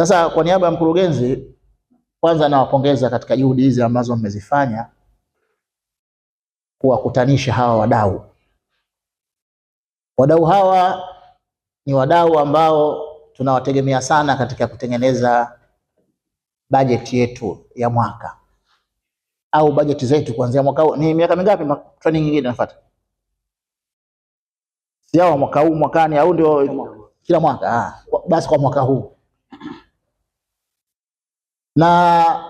Sasa kwa niaba ya mkurugenzi, kwanza nawapongeza katika juhudi hizi ambazo mmezifanya kuwakutanisha hawa wadau. Wadau hawa ni wadau ambao tunawategemea sana katika kutengeneza bajeti yetu ya mwaka au bajeti zetu kuanzia mwaka huu. Ni miaka mingapi training nyingine inafuata? Sio mwaka huu mwakani, au ndio kila mwaka? Ah, basi kwa mwaka huu na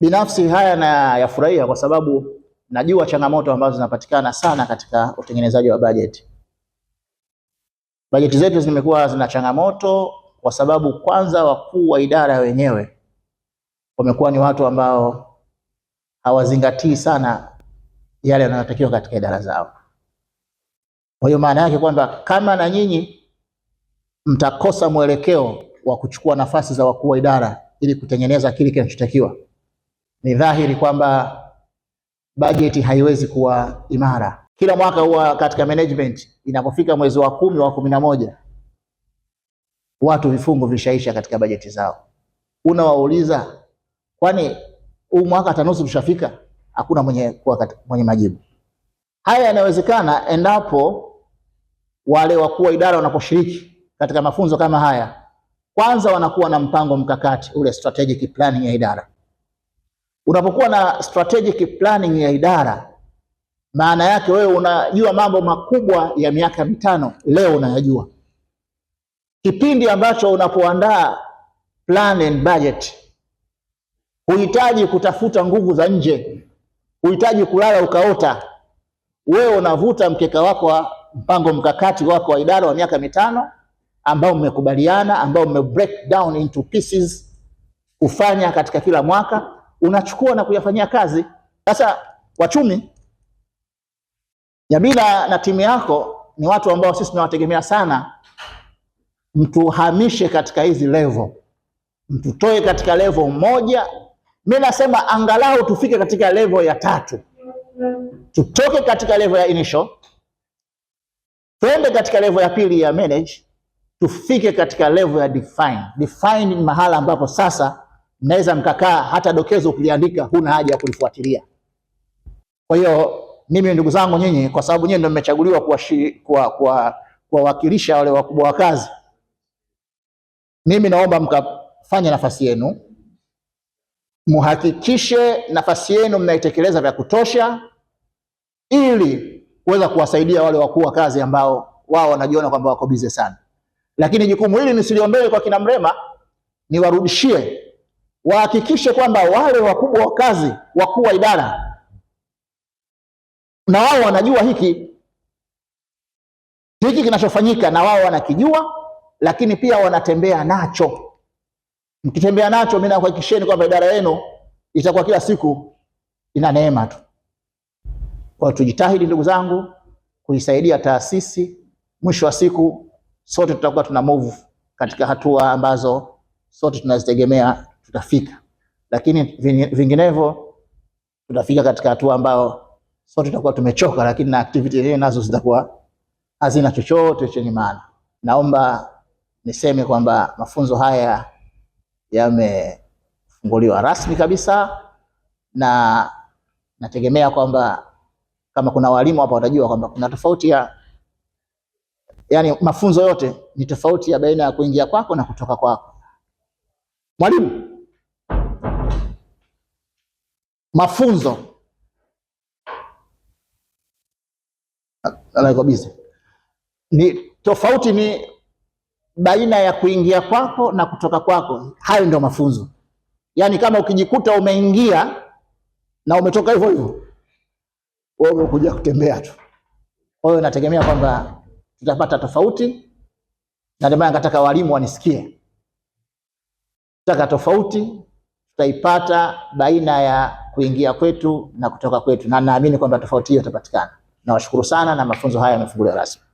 binafsi haya na yafurahia kwa sababu najua changamoto ambazo zinapatikana sana katika utengenezaji wa bajeti. Bajeti zetu zimekuwa zina changamoto kwa sababu kwanza, wakuu wa idara wenyewe wamekuwa ni watu ambao hawazingatii sana yale yanayotakiwa katika idara zao. Kwa hiyo maana yake kwamba kama na nyinyi mtakosa mwelekeo wa kuchukua nafasi za wakuu wa idara ili kutengeneza kile kinachotakiwa. Ni dhahiri kwamba bajeti haiwezi kuwa imara kila mwaka. Huwa katika management inapofika mwezi wa kumi wa kumi na moja watu vifungu vishaisha katika bajeti zao, unawauliza kwani huu mwaka hata nusu tushafika? Hakuna mwenye kuwa katika, mwenye majibu. Haya yanawezekana endapo wale wakuu wa idara wanaposhiriki katika mafunzo kama haya kwanza wanakuwa na mpango mkakati, ule strategic planning ya idara. Unapokuwa na strategic planning ya idara, maana yake wewe unajua mambo makubwa ya miaka mitano, leo unayajua. Kipindi ambacho unapoandaa plan and budget, huhitaji kutafuta nguvu za nje, huhitaji kulala ukaota. Wewe unavuta mkeka wako wa mpango mkakati wako wa idara wa miaka mitano ambao mmekubaliana, ambao mme break down into pieces kufanya katika kila mwaka, unachukua na kuyafanyia kazi. Sasa wachumi, Jamila na timu yako ni watu ambao sisi tunawategemea sana, mtuhamishe katika hizi level, mtutoe katika level moja. Mimi nasema angalau tufike katika level ya tatu, tutoke katika level ya initial, twende katika level ya pili ya manage tufike katika level ya define. Define ni mahala ambapo sasa mnaweza mkakaa hata dokezo ukiliandika huna haja ya kulifuatilia. Kwa hiyo mimi, ndugu zangu, nyinyi kwa sababu nyinyi ndio mmechaguliwa kuwawakilisha wale wakubwa wa kazi, mimi naomba mkafanye nafasi yenu, muhakikishe nafasi yenu mnaitekeleza vya kutosha, ili kuweza kuwasaidia wale wakuu wa kazi ambao wao wanajiona kwamba wako bize sana. Lakini jukumu hili nisiliombewe kwa kina Mrema, niwarudishie wahakikishe kwamba wale wakubwa wa kazi, wakuu wa idara, na wao wanajua hiki hiki kinachofanyika, na wao wanakijua, lakini pia wanatembea nacho. Mkitembea nacho, mimi nakuhakikisheni kwamba idara yenu itakuwa kila siku ina neema tu. Kwa tujitahidi ndugu zangu kuisaidia taasisi, mwisho wa siku sote tutakuwa tuna move katika hatua ambazo sote tunazitegemea tutafika, lakini vinginevyo tutafika katika hatua ambayo sote tutakuwa tumechoka, lakini na activity yenyewe nazo zitakuwa hazina chochote chenye maana. Naomba niseme kwamba mafunzo haya yamefunguliwa rasmi kabisa na nategemea kwamba kama kuna walimu hapa watajua kwamba kuna tofauti ya yani mafunzo yote ni tofauti ya baina ya kuingia kwako na kutoka kwako. Mwalimu, mafunzo bizi ni tofauti ni baina ya kuingia kwako na kutoka kwako. Hayo ndio mafunzo. Yaani kama ukijikuta umeingia na umetoka hivyo hivyo, wewe umekuja kutembea tu. Kwa hiyo nategemea kwamba tutapata tofauti, na ndio maana nataka walimu wanisikie. Tutaka tofauti tutaipata baina ya kuingia kwetu na kutoka kwetu, na naamini kwamba tofauti hiyo itapatikana. Nawashukuru sana, na mafunzo haya yamefunguliwa rasmi.